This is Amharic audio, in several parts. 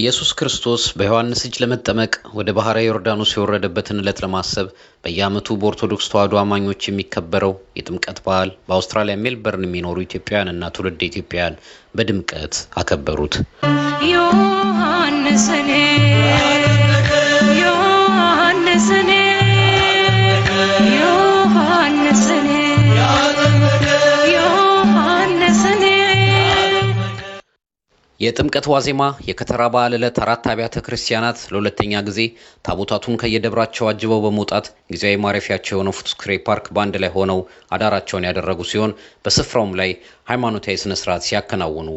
ኢየሱስ ክርስቶስ በዮሐንስ እጅ ለመጠመቅ ወደ ባህረ ዮርዳኖስ የወረደበትን ዕለት ለማሰብ በየዓመቱ በኦርቶዶክስ ተዋሕዶ አማኞች የሚከበረው የጥምቀት በዓል በአውስትራሊያ ሜልበርን የሚኖሩ ኢትዮጵያውያንና ትውልድ ኢትዮጵያውያን በድምቀት አከበሩት። ዮሐንስኔ ዮሐንስኔ የጥምቀት ዋዜማ የከተራ በዓል ዕለት አራት አብያተ ክርስቲያናት ለሁለተኛ ጊዜ ታቦታቱን ከየደብራቸው አጅበው በመውጣት ጊዜያዊ ማረፊያቸው የሆነው ፉትስክሬ ፓርክ በአንድ ላይ ሆነው አዳራቸውን ያደረጉ ሲሆን በስፍራውም ላይ ሃይማኖታዊ ስነ ስርዓት ሲያከናውኑ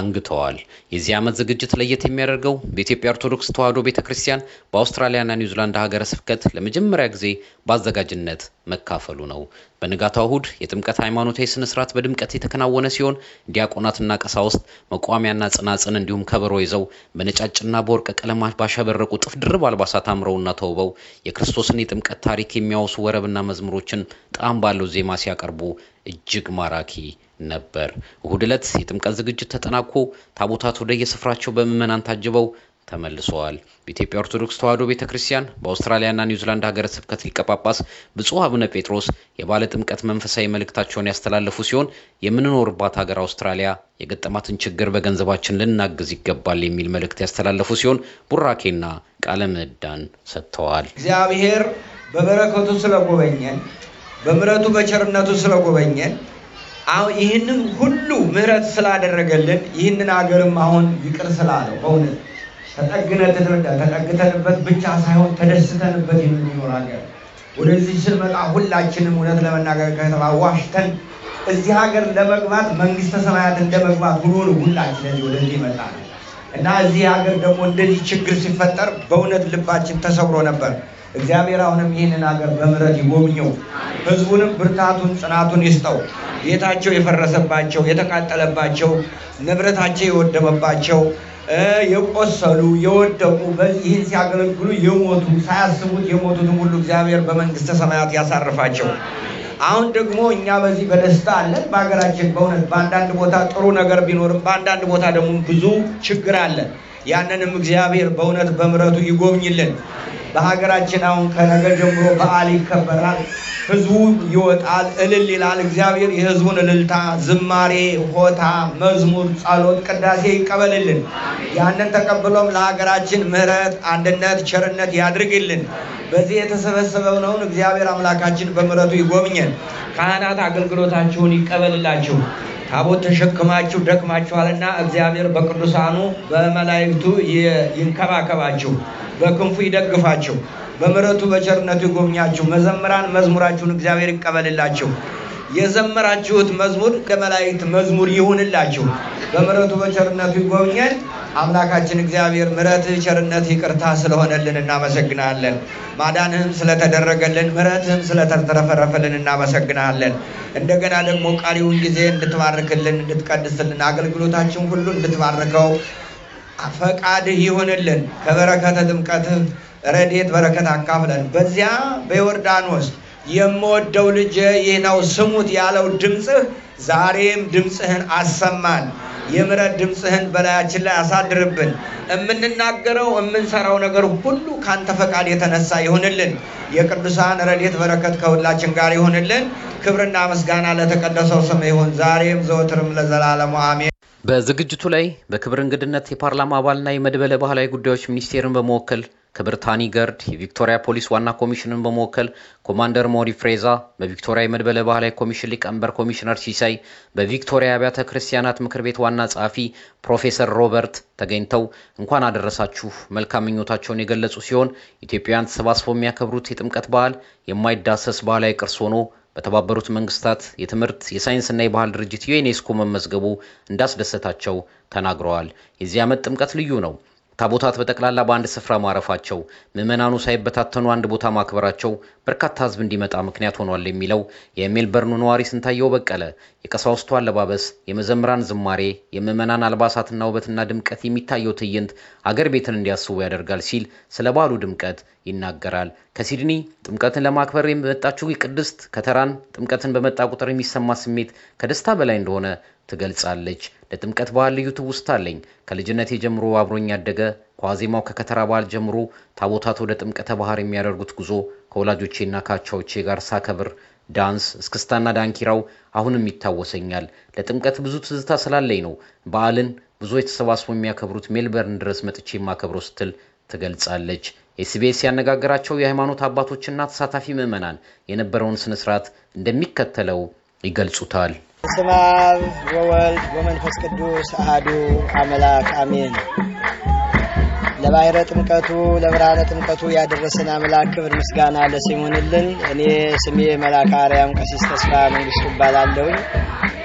አንግተዋል። የዚህ ዓመት ዝግጅት ለየት የሚያደርገው በኢትዮጵያ ኦርቶዶክስ ተዋሕዶ ቤተ ክርስቲያን በአውስትራሊያና ኒውዚላንድ ሀገረ ስብከት ለመጀመሪያ ጊዜ በአዘጋጅነት መካፈሉ ነው። በንጋታው እሁድ የጥምቀት ሃይማኖታዊ ስነ ስርዓት በድምቀት የተከናወነ ሲሆን ዲያቆናትና ቀሳውስት መቋሚያና ጽናጽን እንዲሁም ከበሮ ይዘው በነጫጭና በወርቅ ቀለማት ባሸበረቁ ጥፍ ድርብ አልባሳት አምረውና ተውበው የክርስቶስን የጥምቀት ታሪክ የሚያወሱ ወረብና መዝሙሮችን ጣዕም ባለው ዜማ ሲያቀርቡ እጅግ ማራኪ ነበር። እሁድ ዕለት የጥምቀት ዝግጅት ተጠናቆ ታቦታት ወደየስፍራቸው በምእመናን ታጅበው ተመልሰዋል። በኢትዮጵያ ኦርቶዶክስ ተዋሕዶ ቤተ ክርስቲያን በአውስትራሊያና ኒውዚላንድ ሀገረ ስብከት ሊቀ ጳጳስ ብፁዕ አቡነ ጴጥሮስ የባለ ጥምቀት መንፈሳዊ መልእክታቸውን ያስተላለፉ ሲሆን የምንኖርባት ሀገር አውስትራሊያ የገጠማትን ችግር በገንዘባችን ልናግዝ ይገባል የሚል መልእክት ያስተላለፉ ሲሆን ቡራኬና ቃለ ምዕዳን ሰጥተዋል። እግዚአብሔር በበረከቱ ስለጎበኘን፣ በምረቱ በቸርነቱ ስለጎበኘን ይህንን ሁሉ ምረት ስላደረገልን ይህንን ሀገርም አሁን ይቅር ስላለው በእውነት ተጠግነ ተረዳ ተጠግተንበት ብቻ ሳይሆን ተደስተንበት የምንኖር ሀገር ወደዚህ ስንመጣ ሁላችንም እውነት ለመናገር ከተማ ዋሽተን እዚህ ሀገር ለመግባት መንግስተ ሰማያት እንደመግባት ብሎ ነው ሁላችን እዚህ ወደዚህ መጣ ነው እና እዚህ ሀገር ደግሞ እንደዚህ ችግር ሲፈጠር በእውነት ልባችን ተሰብሮ ነበር። እግዚአብሔር አሁንም ይህንን ሀገር በምሕረት ይጎብኘው። ህዝቡንም ብርታቱን ጽናቱን ይስጠው። ቤታቸው የፈረሰባቸው የተቃጠለባቸው፣ ንብረታቸው የወደመባቸው፣ የቆሰሉ የወደቁ፣ በዚህን ሲያገለግሉ የሞቱ ሳያስቡት የሞቱትም ሁሉ እግዚአብሔር በመንግስተ ሰማያት ያሳርፋቸው። አሁን ደግሞ እኛ በዚህ በደስታ አለን። በሀገራችን በእውነት በአንዳንድ ቦታ ጥሩ ነገር ቢኖርም በአንዳንድ ቦታ ደግሞ ብዙ ችግር አለ። ያንንም እግዚአብሔር በእውነት በምረቱ ይጎብኝልን። በሀገራችን አሁን ከነገ ጀምሮ በዓል ይከበራል። ህዝቡ ይወጣል፣ እልል ይላል። እግዚአብሔር የህዝቡን እልልታ፣ ዝማሬ፣ ሆታ፣ መዝሙር፣ ጸሎት፣ ቅዳሴ ይቀበልልን። ያንን ተቀብሎም ለሀገራችን ምሕረት፣ አንድነት፣ ቸርነት ያድርግልን። በዚህ ነውን እግዚአብሔር አምላካችን በምሕረቱ ይጎብኘን። ካህናት አገልግሎታችሁን ይቀበልላችሁ። ታቦት ተሸክማችሁ ደክማችኋልና እግዚአብሔር በቅዱሳኑ በመላእክቱ ይንከባከባችሁ፣ በክንፉ ይደግፋችሁ፣ በምሕረቱ በቸርነቱ ይጎብኛችሁ። መዘምራን መዝሙራችሁን እግዚአብሔር ይቀበልላችሁ። የዘመራችሁት መዝሙር ለመላእክት መዝሙር ይሁንላችሁ። በምሕረቱ በቸርነቱ ይጎብኘን። አምላካችን እግዚአብሔር ምረት ቸርነት፣ ይቅርታ ስለሆነልን እናመሰግናለን። ማዳንህም ስለተደረገልን ምረትህም ስለተትረፈረፈልን እናመሰግናለን። እንደገና ደግሞ ቀሪውን ጊዜ እንድትባርክልን፣ እንድትቀድስልን፣ አገልግሎታችን ሁሉ እንድትባርከው ፈቃድህ ይሁንልን። ከበረከተ ጥምቀትህ ረድኤት በረከት አካፍለን በዚያ በዮርዳኖስ የምወደው ልጄ ይህ ነው ስሙት ያለው ድምፅህ ዛሬም ድምፅህን አሰማን። የምሕረት ድምፅህን በላያችን ላይ አሳድርብን። የምንናገረው የምንሰራው ነገር ሁሉ ካንተ ፈቃድ የተነሳ ይሁንልን። የቅዱሳን ረድኤት በረከት ከሁላችን ጋር ይሁንልን። ክብርና ምስጋና ለተቀደሰው ስም ይሁን ዛሬም ዘወትርም ለዘላለሙ አሜን። በዝግጅቱ ላይ በክብር እንግድነት የፓርላማ አባልና የመድበለ ባህላዊ ጉዳዮች ሚኒስቴርን በመወከል ከብርታኒ ገርድ የቪክቶሪያ ፖሊስ ዋና ኮሚሽንን በመወከል ኮማንደር ሞሪ ፍሬዛ፣ በቪክቶሪያ የመድበለ ባህላዊ ኮሚሽን ሊቀመንበር ኮሚሽነር ሲሳይ፣ በቪክቶሪያ አብያተ ክርስቲያናት ምክር ቤት ዋና ጸሐፊ ፕሮፌሰር ሮበርት ተገኝተው እንኳን አደረሳችሁ መልካም ምኞታቸውን የገለጹ ሲሆን ኢትዮጵያውያን ተሰባስበው የሚያከብሩት የጥምቀት በዓል የማይዳሰስ ባህላዊ ቅርስ ሆኖ በተባበሩት መንግስታት የትምህርት የሳይንስና የባህል ድርጅት ዩኔስኮ መመዝገቡ እንዳስደሰታቸው ተናግረዋል። የዚህ ዓመት ጥምቀት ልዩ ነው። ታቦታት በጠቅላላ በአንድ ስፍራ ማረፋቸው ምዕመናኑ ሳይበታተኑ አንድ ቦታ ማክበራቸው በርካታ ሕዝብ እንዲመጣ ምክንያት ሆኗል የሚለው የሜልበርኑ ነዋሪ ስንታየው በቀለ የቀሳውስቱ አለባበስ፣ የመዘምራን ዝማሬ፣ የምዕመናን አልባሳትና ውበትና ድምቀት የሚታየው ትዕይንት አገር ቤትን እንዲያስቡ ያደርጋል ሲል ስለ በዓሉ ድምቀት ይናገራል። ከሲድኒ ጥምቀትን ለማክበር የመጣችው ቅድስት ከተራን ጥምቀትን በመጣ ቁጥር የሚሰማ ስሜት ከደስታ በላይ እንደሆነ ትገልጻለች። ለጥምቀት ባህል ልዩ ትውስታ አለኝ። ከልጅነቴ ጀምሮ አብሮኝ ያደገ ከዋዜማው ከከተራ በዓል ጀምሮ ታቦታት ወደ ጥምቀተ ባህር የሚያደርጉት ጉዞ ከወላጆቼና ካቻዎቼ ጋር ሳከብር ዳንስ፣ እስክስታና ዳንኪራው አሁንም ይታወሰኛል። ለጥምቀት ብዙ ትዝታ ስላለኝ ነው በዓልን ብዙ የተሰባስበው የሚያከብሩት ሜልበርን ድረስ መጥቼ የማከብረው ስትል ትገልጻለች። ኤስቢኤስ ያነጋገራቸው የሃይማኖት አባቶችና ተሳታፊ ምዕመናን የነበረውን ስነ ስርዓት እንደሚከተለው ይገልጹታል። ስመ አብ ወወልድ ወመንፈስ ቅዱስ አሐዱ አምላክ አሜን። ለባህረ ጥምቀቱ ለብርሃነ ጥምቀቱ ያደረሰን አምላክ ክብር ምስጋና ለሲሙንልን። እኔ ስሜ መልአከ አርያም ቀሲስ ተስፋ መንግስቱ እባላለሁኝ።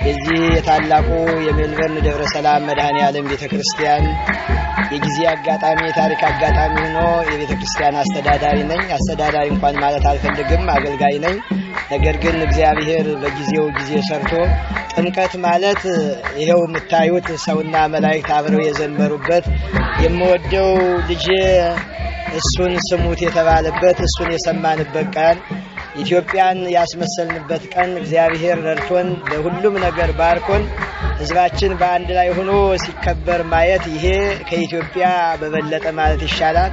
የዚህ የታላቁ የሜልበርን ደብረ ሰላም መድኃኔ ዓለም ቤተ ክርስቲያን የጊዜ አጋጣሚ የታሪክ አጋጣሚ ሆኖ የቤተ ክርስቲያን አስተዳዳሪ ነኝ። አስተዳዳሪ እንኳን ማለት አልፈልግም፣ አገልጋይ ነኝ። ነገር ግን እግዚአብሔር በጊዜው ጊዜ ሰርቶ ጥምቀት ማለት ይኸው የምታዩት ሰውና መላእክት አብረው የዘመሩበት የምወደው ልጄ እሱን ስሙት የተባለበት እሱን የሰማንበት ቀን ኢትዮጵያን ያስመሰልንበት ቀን እግዚአብሔር ረድቶን ለሁሉም ነገር ባርኮን ህዝባችን በአንድ ላይ ሆኖ ሲከበር ማየት ይሄ ከኢትዮጵያ በበለጠ ማለት ይሻላል።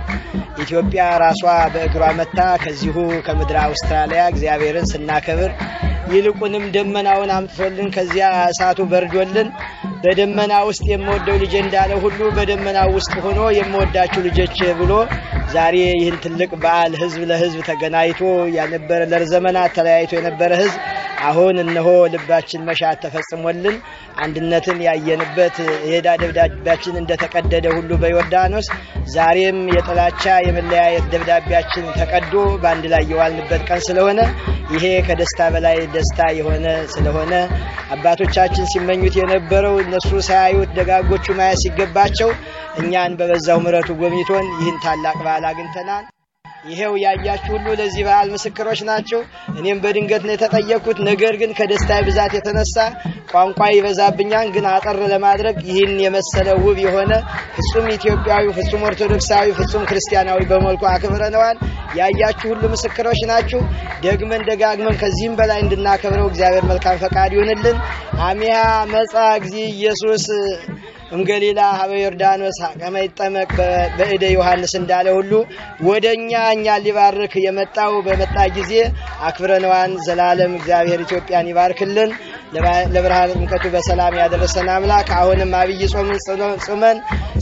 ኢትዮጵያ ራሷ በእግሯ መታ ከዚሁ ከምድረ አውስትራሊያ እግዚአብሔርን ስናከብር ይልቁንም ደመናውን አምጥቶልን ከዚያ እሳቱ በርዶልን በደመና ውስጥ የምወደው ልጅ እንዳለ ሁሉ በደመና ውስጥ ሆኖ የምወዳችሁ ልጆች ብሎ ዛሬ ይህን ትልቅ በዓል ህዝብ ለህዝብ ተገናኝቶ ያነበረ ለዘመናት ተለያይቶ የነበረ ህዝብ አሁን እነሆ ልባችን መሻት ተፈጽሞልን አንድነትን ያየንበት የዕዳ ደብዳቤያችን እንደተቀደደ ሁሉ በዮርዳኖስ ዛሬም የጥላቻ የመለያየት ደብዳቤያችን ተቀዶ በአንድ ላይ የዋልንበት ቀን ስለሆነ ይሄ ከደስታ በላይ ደስታ የሆነ ስለሆነ አባቶቻችን ሲመኙት የነበረው እነሱ ሳያዩት ደጋጎቹ ማየት ሲገባቸው እኛን በበዛው ምረቱ ጎብኝቶን ይህን ታላቅ በዓል አግኝተናል። ይሄው ያያችሁ ሁሉ ለዚህ በዓል ምስክሮች ናቸው። እኔም በድንገት ነው የተጠየኩት። ነገር ግን ከደስታ ብዛት የተነሳ ቋንቋ ይበዛብኛል ግን አጠር ለማድረግ ይህን የመሰለ ውብ የሆነ ፍጹም ኢትዮጵያዊ፣ ፍጹም ኦርቶዶክሳዊ፣ ፍጹም ክርስቲያናዊ በመልኩ አክብረነዋል። ያያችሁ ሁሉ ምስክሮች ናችሁ። ደግመን ደጋግመን ከዚህም በላይ እንድናከብረው እግዚአብሔር መልካም ፈቃድ ይሆንልን። አሚያ መጻ እግዚእ ኢየሱስ እምገሊላ ሀበ ዮርዳኖስ ሀቀመ ይጠመቅ በእደ ዮሐንስ እንዳለ ሁሉ ወደ እኛ ሊባርክ የመጣው በመጣ ጊዜ አክብረነዋን ዘላለም እግዚአብሔር ኢትዮጵያን ይባርክልን። ለብርሃን ጥምቀቱ በሰላም ያደረሰን አምላክ አሁንም አብይ ጾምን ጾመን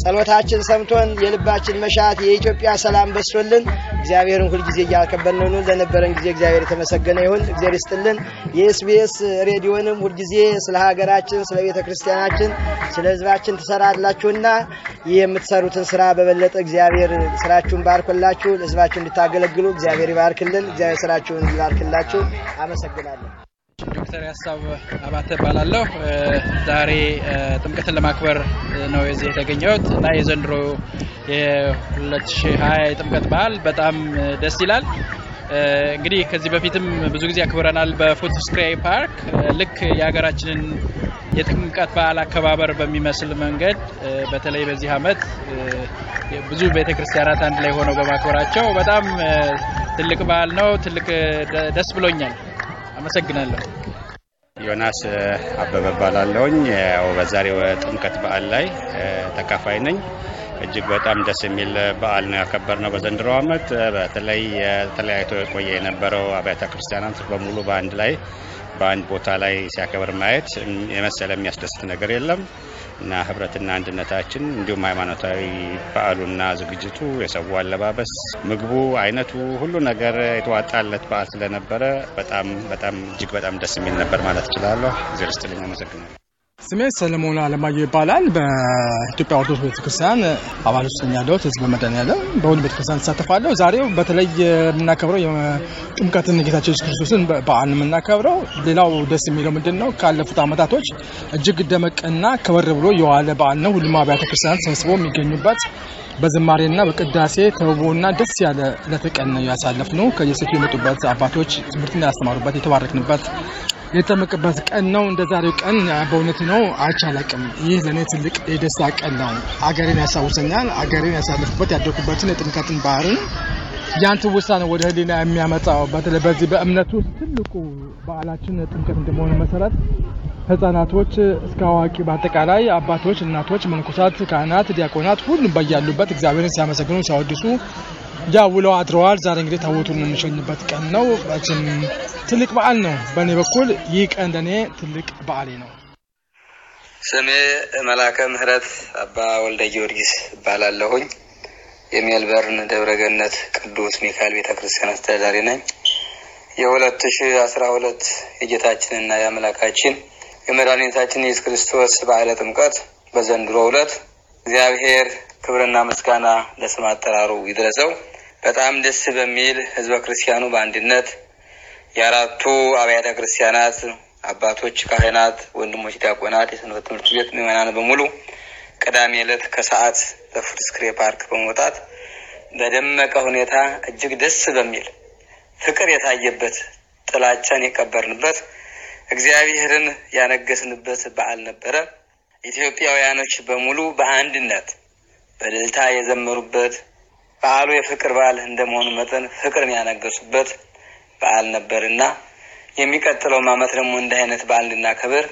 ጸሎታችን ሰምቶን የልባችን መሻት የኢትዮጵያ ሰላም በስቶልን እግዚአብሔርን ሁልጊዜ እያከበርን ነው። ለነበረን ጊዜ እግዚአብሔር የተመሰገነ ይሁን። እግዚአብሔር ይስጥልን። የኤስቢኤስ ሬዲዮንም ሁልጊዜ ስለ ሀገራችን፣ ስለ ቤተ ክርስቲያናችን፣ ስለ ህዝባችን ትሰራላችሁና ይህ የምትሰሩትን ስራ በበለጠ እግዚአብሔር ስራችሁን ባርኮላችሁ ህዝባችሁ እንድታገለግሉ እግዚአብሔር ይባርክልን። እግዚአብሔር ስራችሁን ይባርክላችሁ። አመሰግናለሁ። ዶክተር ያሳብ አባተ እባላለሁ። ዛሬ ጥምቀትን ለማክበር ነው የዚህ የተገኘሁት እና የዘንድሮ የ2020 የጥምቀት በዓል በጣም ደስ ይላል። እንግዲህ ከዚህ በፊትም ብዙ ጊዜ አክብረናል በፉት ስክራይ ፓርክ። ልክ የሀገራችንን የጥምቀት በዓል አከባበር በሚመስል መንገድ በተለይ በዚህ ዓመት ብዙ ቤተክርስቲያናት አንድ ላይ ሆነው በማክበራቸው በጣም ትልቅ በዓል ነው። ትልቅ ደስ ብሎኛል። አመሰግናለሁ። ዮናስ አበበ ባላለሁኝ ያው በዛሬው ጥምቀት በዓል ላይ ተካፋይ ነኝ። እጅግ በጣም ደስ የሚል በዓል ነው ያከበርነው በዘንድሮ ዓመት። በተለይ ተለያይቶ የቆየ የነበረው አብያተ ክርስቲያናት በሙሉ በአንድ ላይ በአንድ ቦታ ላይ ሲያከብር ማየት የመሰለ የሚያስደስት ነገር የለም። እና ህብረትና አንድነታችን እንዲሁም ሃይማኖታዊ በዓሉና ዝግጅቱ፣ የሰው አለባበስ፣ ምግቡ፣ አይነቱ ሁሉ ነገር የተዋጣለት በዓል ስለነበረ በጣም በጣም እጅግ በጣም ደስ የሚል ነበር ማለት እችላለሁ። እግዜር ይስጥልኝ። አመሰግናለሁ። ስሜ ሰለሞን አለማየሁ ይባላል። በኢትዮጵያ ኦርቶዶክስ ቤተክርስቲያን አባል ውስጥ ያለሁት ህዝብ መደን ያለ በሁሉ ቤተክርስቲያን ተሳተፋለሁ። ዛሬው በተለይ የምናከብረው የጥምቀትን ጌታችን ኢየሱስ ክርስቶስን በዓል የምናከብረው። ሌላው ደስ የሚለው ምንድን ነው? ካለፉት አመታቶች እጅግ ደመቅና ከበር ብሎ የዋለ በዓል ነው። ሁሉም አብያተ ክርስቲያናት ተሰብስቦ የሚገኙበት በዝማሬና በቅዳሴ ተውቦና ደስ ያለ ለተቀን ያሳለፍ ነው ከየሴቱ የመጡበት አባቶች ትምህርትና ያስተማሩበት የተባረክንበት የተመቀበት ቀን ነው። እንደ ዛሬው ቀን በእውነት ነው አይቻላቅም። ይህ ለእኔ ትልቅ የደስታ ቀን ነው። አገሬን ያሳውሰኛል አገሬን ያሳለፍኩበት ያደኩበትን የጥምቀትን ባህርን ያን ትውስታ ነው ወደ ህሊና የሚያመጣው። በተለይ በዚህ በእምነት ውስጥ ትልቁ በዓላችን ጥምቀት እንደመሆኑ መሰረት ህጻናቶች እስከ አዋቂ በአጠቃላይ አባቶች፣ እናቶች፣ መንኩሳት ካህናት፣ ዲያቆናት ሁሉም በያሉበት እግዚአብሔርን ሲያመሰግኑ ሲያወድሱ ያ ውለው አድረዋል። ዛሬ እንግዲህ ታቦቱን የምንሸኝበት ቀን ነው። ችን ትልቅ በዓል ነው። በእኔ በኩል ይህ ቀን ለእኔ ትልቅ በዓሌ ነው። ስሜ መላከ ምህረት አባ ወልደ ጊዮርጊስ እባላለሁኝ። የሜልበርን ደብረገነት ቅዱስ ሚካኤል ቤተ ክርስቲያን አስተዳዳሪ ነኝ። የሁለት ሺ አስራ ሁለት የጌታችንና የአምላካችን የመድኃኒታችን ኢየሱስ ክርስቶስ በዓለ ጥምቀት በዘንድሮ ዕለት እግዚአብሔር ክብርና ምስጋና ለስም አጠራሩ ይድረሰው። በጣም ደስ በሚል ህዝበ ክርስቲያኑ በአንድነት የአራቱ አብያተ ክርስቲያናት አባቶች፣ ካህናት፣ ወንድሞች፣ ዲያቆናት፣ የሰንበት ትምህርት ቤት ምዕመናን በሙሉ ቅዳሜ ዕለት ከሰዓት በፉትስክሬ ፓርክ በመውጣት በደመቀ ሁኔታ እጅግ ደስ በሚል ፍቅር የታየበት ጥላቻን የቀበርንበት እግዚአብሔርን ያነገስንበት በዓል ነበረ። ኢትዮጵያውያኖች በሙሉ በአንድነት በእልልታ የዘመሩበት በዓሉ የፍቅር በዓል እንደመሆኑ መጠን ፍቅርን ያነገሱበት በዓል እና የሚቀጥለውም ዓመት ደግሞ እንደ አይነት በዓል እንድናከብር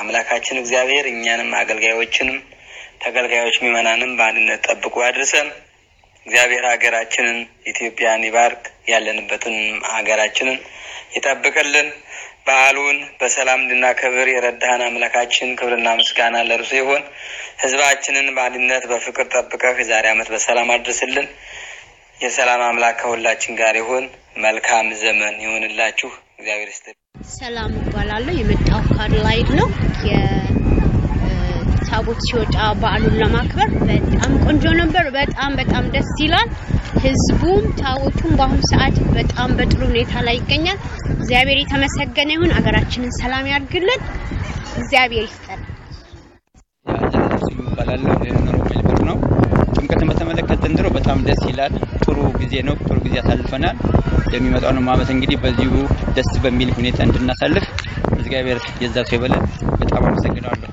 አምላካችን እግዚአብሔር እኛንም አገልጋዮችንም ተገልጋዮች ሚመናንም በአንድነት ጠብቆ ያድርሰን። እግዚአብሔር ሀገራችንን ኢትዮጵያን ይባርክ፣ ያለንበትን ሀገራችንን ይጠብቅልን። በዓሉን በሰላም እንድናከብር የረዳህን አምላካችን ክብርና ምስጋና ለርሱ ይሁን። ህዝባችንን በአንድነት በፍቅር ጠብቀህ የዛሬ ዓመት በሰላም አድርስልን። የሰላም አምላክ ከሁላችን ጋር ይሁን። መልካም ዘመን ይሁንላችሁ። እግዚአብሔር ስ ሰላም እባላለሁ። የመጣው ካድላይድ ነው። የታቦት ሲወጣ በዓሉን ለማክበር በጣም ቆንጆ ነበር። በጣም በጣም ደስ ይላል። ህዝቡም ታቦቱም በአሁኑ ሰዓት በጣም በጥሩ ሁኔታ ላይ ይገኛል። እግዚአብሔር የተመሰገነ ይሁን። አገራችንን ሰላም ያድርግልን። እግዚአብሔር ይስጠን። ባላለው ነው። ጥምቀትን በተመለከተ ዘንድሮ በጣም ደስ ይላል። ጥሩ ጊዜ ነው። ጥሩ ጊዜ አሳልፈናል። ነው ማመት እንግዲህ በዚሁ ደስ በሚል ሁኔታ እንድናሳልፍ እግዚአብሔር የዛ ሰው ይበለን። በጣም አመሰግናለሁ።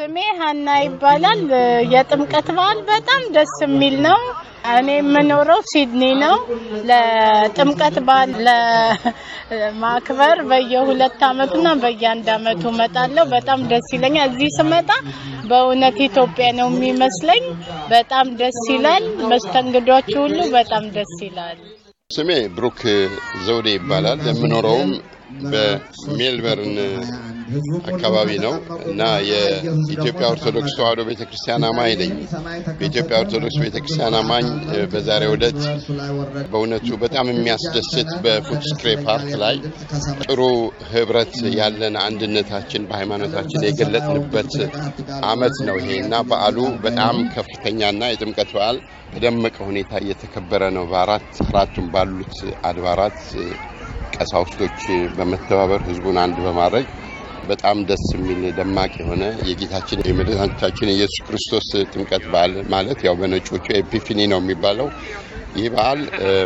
ስሜ ሀና ይባላል። የጥምቀት በዓል በጣም ደስ የሚል ነው። እኔ የምኖረው ሲድኒ ነው። ለጥምቀት በዓል ለማክበር በየሁለት አመቱና በየአንድ አመቱ እመጣለሁ። በጣም ደስ ይለኛል። እዚህ ስመጣ በእውነት ኢትዮጵያ ነው የሚመስለኝ። በጣም ደስ ይላል። መስተንግዷችሁ ሁሉ በጣም ደስ ይላል። ስሜ ብሩክ ዘውዴ ይባላል። የምኖረውም በሜልበርን አካባቢ ነው እና የኢትዮጵያ ኦርቶዶክስ ተዋሕዶ ቤተክርስቲያን አማኝ ነኝ። በኢትዮጵያ ኦርቶዶክስ ቤተክርስቲያን አማኝ በዛሬው ዕለት በእውነቱ በጣም የሚያስደስት በፉትስክሬ ፓርክ ላይ ጥሩ ህብረት ያለን አንድነታችን በሃይማኖታችን የገለጥንበት አመት ነው ይሄ እና በዓሉ በጣም ከፍተኛና የጥምቀት በዓል በደመቀ ሁኔታ እየተከበረ ነው በአራት አራቱም ባሉት አድባራት ቀሳውስቶች በመተባበር ህዝቡን አንድ በማድረግ በጣም ደስ የሚል ደማቅ የሆነ የጌታችን የመድኃኒታችን ኢየሱስ ክርስቶስ ጥምቀት በዓል ማለት ያው በነጮቹ ኤፒፊኒ ነው የሚባለው። ይህ በዓል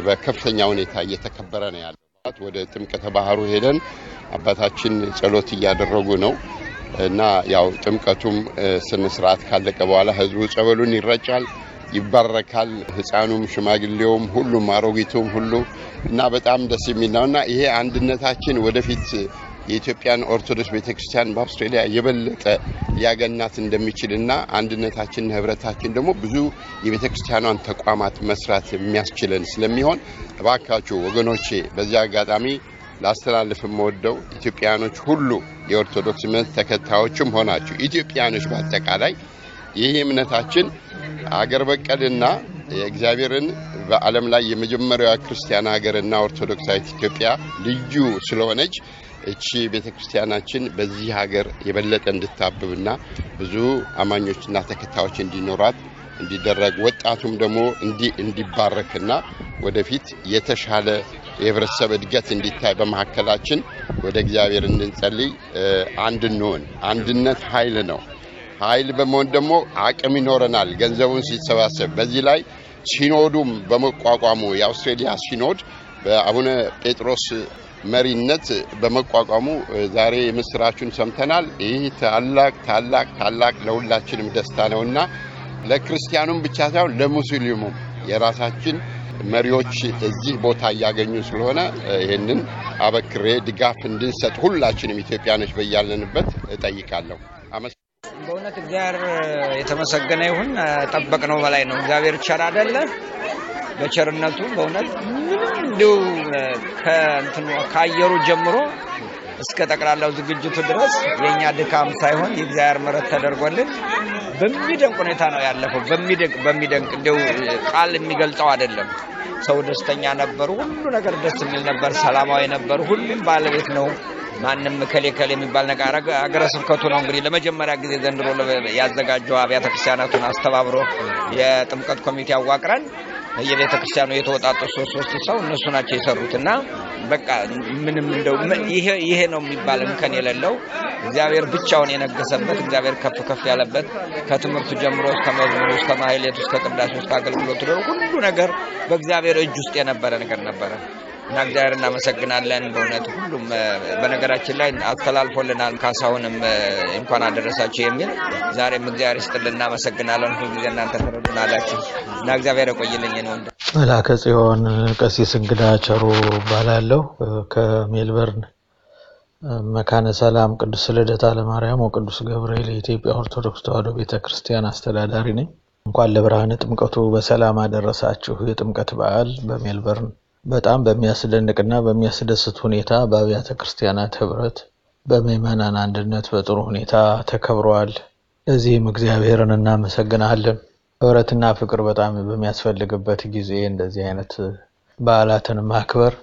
በከፍተኛ ሁኔታ እየተከበረ ነው ያለው። ወደ ጥምቀተ ባህሩ ሄደን አባታችን ጸሎት እያደረጉ ነው እና ያው ጥምቀቱም ስነ ስርዓት ካለቀ በኋላ ህዝቡ ጸበሉን ይረጫል። ይባረካል። ህፃኑም ሽማግሌውም፣ ሁሉም አሮጊቱም ሁሉ እና በጣም ደስ የሚል ነው እና ይሄ አንድነታችን ወደፊት የኢትዮጵያን ኦርቶዶክስ ቤተክርስቲያን በአውስትራሊያ የበለጠ ሊያገናት እንደሚችል እና አንድነታችንና ህብረታችን ደግሞ ብዙ የቤተክርስቲያኗን ተቋማት መስራት የሚያስችለን ስለሚሆን እባካችሁ ወገኖቼ በዚህ አጋጣሚ ላስተላልፍ የምወደው ኢትዮጵያኖች ሁሉ የኦርቶዶክስ እምነት ተከታዮችም ሆናችሁ ኢትዮጵያኖች በአጠቃላይ ይህ እምነታችን አገር በቀልና የእግዚአብሔርን በዓለም ላይ የመጀመሪያዋ ክርስቲያን ሀገርና ኦርቶዶክሳዊት ኢትዮጵያ ልዩ ስለሆነች እቺ ቤተ ክርስቲያናችን በዚህ ሀገር የበለጠ እንድታብብና ብዙ አማኞችና ተከታዮች እንዲኖራት እንዲደረግ ወጣቱም ደግሞ እንዲባረክና ወደፊት የተሻለ የህብረተሰብ እድገት እንዲታይ በመካከላችን ወደ እግዚአብሔር እንድንጸልይ አንድ እንሆን። አንድነት ኃይል ነው። ኃይል በመሆን ደግሞ አቅም ይኖረናል። ገንዘቡን ሲሰባሰብ በዚህ ላይ ሲኖዱም በመቋቋሙ የአውስትሬሊያ ሲኖድ በአቡነ ጴጥሮስ መሪነት በመቋቋሙ ዛሬ የምስራችን ሰምተናል። ይህ ታላቅ ታላቅ ታላቅ ለሁላችንም ደስታ ነውና ለክርስቲያኑም ብቻ ሳይሆን ለሙስሊሙም የራሳችን መሪዎች እዚህ ቦታ እያገኙ ስለሆነ ይህንን አበክሬ ድጋፍ እንድንሰጥ ሁላችንም ኢትዮጵያኖች በያለንበት እጠይቃለሁ። በእውነት እግዚአብሔር የተመሰገነ ይሁን። ጠበቅነው በላይ ነው። እግዚአብሔር ቸር አይደለ? በቸርነቱ በእውነት ምንም እንዲሁ ከአየሩ ጀምሮ እስከ ጠቅላላው ዝግጅቱ ድረስ የእኛ ድካም ሳይሆን የእግዚአብሔር ምሕረት ተደርጎልን በሚደንቅ ሁኔታ ነው ያለፈው። በሚደንቅ በሚደንቅ እንዲሁ ቃል የሚገልጸው አይደለም። ሰው ደስተኛ ነበሩ። ሁሉ ነገር ደስ የሚል ነበር። ሰላማዊ ነበር ሁሉም ባለቤት ነው ማንም ከሌ የሚባል ነገር አገረ ስብከቱ ነው እንግዲህ ለመጀመሪያ ጊዜ ዘንድሮ ያዘጋጀው አብያተ ክርስቲያናቱን አስተባብሮ የጥምቀት ኮሚቴ አዋቅረን የቤተ ክርስቲያኑ የተወጣጡ ሶስት ሶስት ሰው እነሱ ናቸው የሰሩት እና በቃ ምንም እንደው ይሄ ነው የሚባል እንከን የሌለው እግዚአብሔር ብቻውን የነገሰበት እግዚአብሔር ከፍ ከፍ ያለበት ከትምህርቱ ጀምሮ እስከ መዝሙሩ፣ እስከ ማህሌቱ፣ እስከ ቅዳሴ፣ እስከ አገልግሎቱ ሁሉ ነገር በእግዚአብሔር እጅ ውስጥ የነበረ ነገር ነበረ። እና እግዚአብሔር እናመሰግናለን በእውነት ሁሉም በነገራችን ላይ አስተላልፎልናል። ካሳሁንም እንኳን አደረሳችሁ የሚል ዛሬም እግዚአብሔር ይስጥልን እናመሰግናለን። ሁልጊዜ እናንተ ተረዱናላችሁ እና እግዚአብሔር ቆይልኝ ነው መላከ ጽዮን ቀሲስ እንግዳ ቸሩ እባላለሁ ከሜልበርን መካነ ሰላም ቅዱስ ልደታ ለማርያም ወቅዱስ ገብርኤል የኢትዮጵያ ኦርቶዶክስ ተዋሕዶ ቤተ ክርስቲያን አስተዳዳሪ ነኝ። እንኳን ለብርሃነ ጥምቀቱ በሰላም አደረሳችሁ። የጥምቀት በዓል በሜልበርን በጣም በሚያስደንቅና በሚያስደስት ሁኔታ በአብያተ ክርስቲያናት ህብረት በምዕመናን አንድነት በጥሩ ሁኔታ ተከብረዋል። እዚህም እግዚአብሔርን እናመሰግናለን። ህብረትና ፍቅር በጣም በሚያስፈልግበት ጊዜ እንደዚህ አይነት በዓላትን ማክበር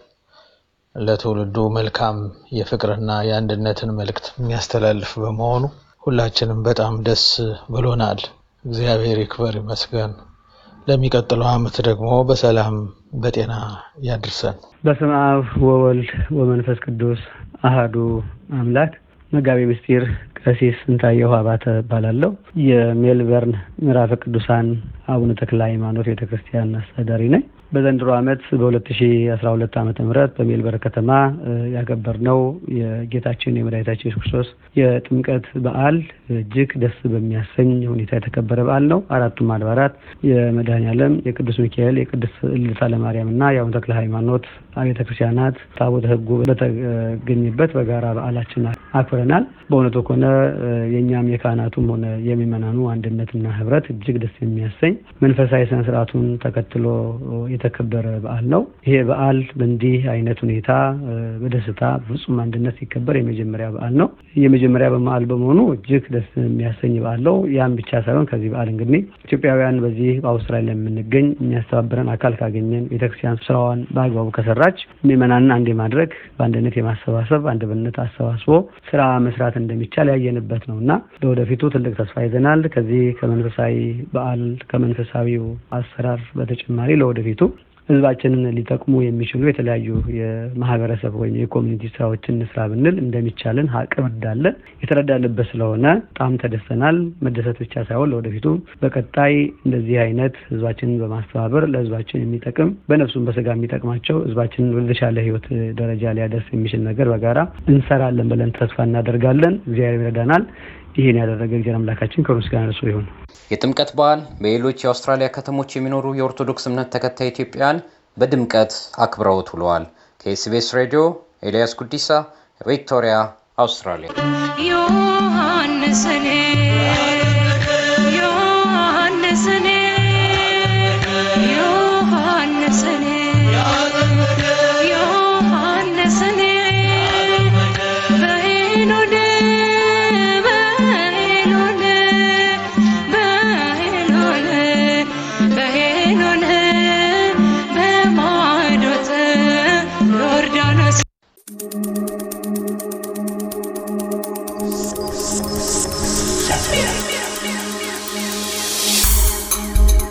ለትውልዱ መልካም የፍቅርና የአንድነትን መልእክት የሚያስተላልፍ በመሆኑ ሁላችንም በጣም ደስ ብሎናል። እግዚአብሔር ይክበር ይመስገን። ለሚቀጥለው ዓመት ደግሞ በሰላም በጤና ያድርሰን። በስም አብ ወወልድ ወመንፈስ ቅዱስ አህዱ አምላክ። መጋቢ ምስጢር ቀሲስ ስንታየሁ አባተ እባላለሁ። የሜልበርን ምዕራፈ ቅዱሳን አቡነ ተክለ ሃይማኖት ቤተክርስቲያን አስተዳዳሪ ነኝ። በዘንድሮ ዓመት በ2012 ዓ ም በሜልበር ከተማ ያከበርነው የጌታችን የመድኃኒታችን ኢየሱስ ክርስቶስ የጥምቀት በዓል እጅግ ደስ በሚያሰኝ ሁኔታ የተከበረ በዓል ነው። አራቱም አድባራት ዓለም የቅዱስ ሚካኤል፣ የቅድስት ልደታ ለማርያም እና የአቡነ ተክለ ሃይማኖት አብያተ ክርስቲያናት ታቦተ ሕጉ በተገኘበት በጋራ በዓላችን አክብረናል። በእውነቱ ከሆነ የእኛም የካህናቱም ሆነ የሚመናኑ አንድነትና ህብረት እጅግ ደስ የሚያሰኝ መንፈሳዊ ስነስርዓቱን ተከትሎ የተከበረ በዓል ነው። ይሄ በዓል በእንዲህ አይነት ሁኔታ በደስታ በፍጹም አንድነት ሲከበር የመጀመሪያ በዓል ነው። የመጀመሪያ በዓል በመሆኑ እጅግ ደስ የሚያሰኝ በዓል ነው። ያም ብቻ ሳይሆን ከዚህ በዓል እንግዲህ ኢትዮጵያውያን በዚህ በአውስትራሊያ የምንገኝ የሚያስተባብረን አካል ካገኘን፣ ቤተክርስቲያን ስራዋን በአግባቡ ከሰራች ምዕመናንን አንድ የማድረግ በአንድነት የማሰባሰብ አንድ አሰባስቦ ስራ መስራት እንደሚቻል ያየንበት ነው እና ለወደፊቱ ትልቅ ተስፋ ይዘናል። ከዚህ ከመንፈሳዊ በዓል ከመንፈሳዊው አሰራር በተጨማሪ ለወደፊቱ ህዝባችንን ሊጠቅሙ የሚችሉ የተለያዩ የማህበረሰብ ወይም የኮሚኒቲ ስራዎችን እንስራ ብንል እንደሚቻልን አቅም እንዳለ የተረዳንበት ስለሆነ በጣም ተደስተናል። መደሰት ብቻ ሳይሆን ለወደፊቱ በቀጣይ እንደዚህ አይነት ህዝባችንን በማስተባበር ለህዝባችን የሚጠቅም በነፍሱም በስጋ የሚጠቅማቸው ህዝባችንን ወደተሻለ ህይወት ደረጃ ሊያደርስ የሚችል ነገር በጋራ እንሰራለን ብለን ተስፋ እናደርጋለን። እግዚአብሔር ይረዳናል። ይህን ያደረገ እግዚአብሔር አምላካችን ከሩስ ጋር እርሱ ይሁን። የጥምቀት በዓል በሌሎች የአውስትራሊያ ከተሞች የሚኖሩ የኦርቶዶክስ እምነት ተከታይ ኢትዮጵያውያን በድምቀት አክብረውት ውለዋል። ከኤስቤስ ሬዲዮ ኤልያስ ጉዲሳ ቪክቶሪያ አውስትራሊያ ዮሐንስን